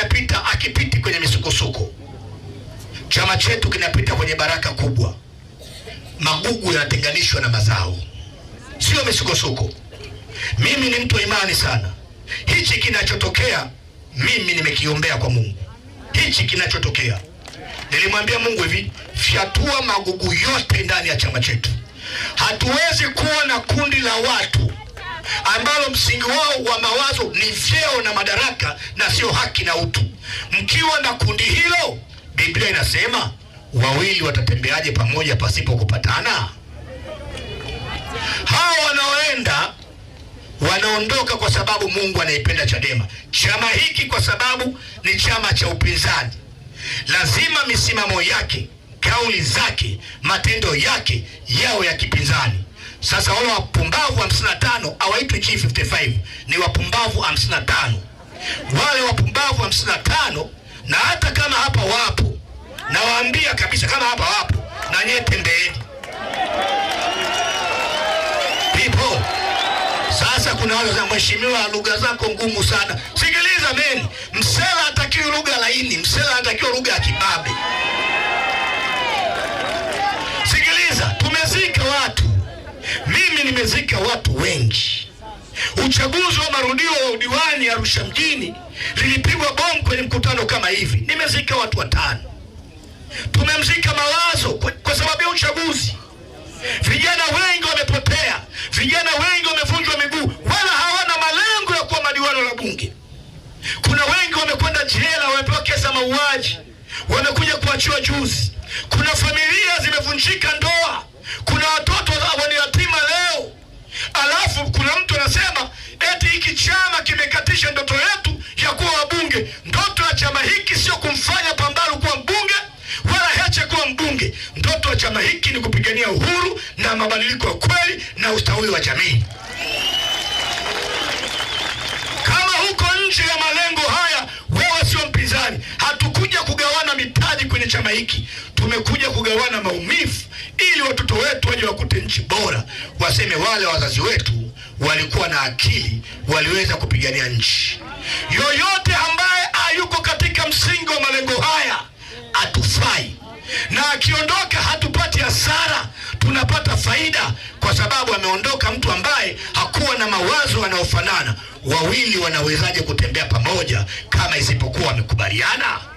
kinapita akipiti kwenye misukosuko, chama chetu kinapita kwenye baraka kubwa. Magugu yanatenganishwa na mazao, sio misukosuko. Mimi ni mtu wa imani sana. Hichi kinachotokea mimi nimekiombea kwa Mungu, hichi kinachotokea nilimwambia Mungu hivi, fyatua magugu yote ndani ya chama chetu. Hatuwezi kuwa na kundi la watu ambalo msingi wao wa mawazo ni vyeo na madaraka na sio haki na utu. Mkiwa na kundi hilo, Biblia inasema wawili watatembeaje pamoja pasipo kupatana? Hawa wanaoenda wanaondoka kwa sababu Mungu anaipenda Chadema. Chama hiki kwa sababu ni chama cha upinzani, lazima misimamo yake, kauli zake, matendo yake yawe ya kipinzani. Sasa wale wapumbavu 55 hawaitwi G55, ni wapumbavu 55. Wale wapumbavu 55, na hata kama hapa wapo, nawaambia kabisa, kama hapa wapo, na nyewe tembeeni people. Sasa kuna wale wanasema, mheshimiwa, lugha zako ngumu sana. Sikiliza mimi, msela atakiwa lugha laini, msela hatakiwi lugha ya kibabe. umezika watu wengi. Uchaguzi wa marudio wa udiwani Arusha mjini lilipigwa bomu kwenye mkutano kama hivi, nimezika watu watano. Tumemzika Mawazo kwa, kwa sababu ya uchaguzi. Vijana wengi wamepotea, vijana wengi wamevunjwa miguu, wala hawana malengo ya kuwa madiwani la bunge. Kuna wengi wamekwenda jela, wamepewa kesi ya mauaji, wamekuja kuachiwa juzi. Kuna familia zimevunjika ndoa, kuna watu chama hiki sio kumfanya Pambalu kuwa mbunge wala Heche kuwa mbunge. ndoto wa chama hiki ni kupigania uhuru na mabadiliko ya kweli na ustawi wa jamii. Kama huko nje ya malengo haya, wewe sio mpinzani. Hatukuja kugawana mitaji kwenye chama hiki, tumekuja kugawana maumivu ili watoto wetu waje wakute nchi bora, waseme wale wazazi wetu walikuwa na akili, waliweza kupigania nchi yoyote katika msingi wa malengo haya atufai, na akiondoka hatupati hasara, tunapata faida, kwa sababu ameondoka mtu ambaye hakuwa na mawazo yanayofanana. Wawili wanawezaje kutembea pamoja kama isipokuwa wamekubaliana?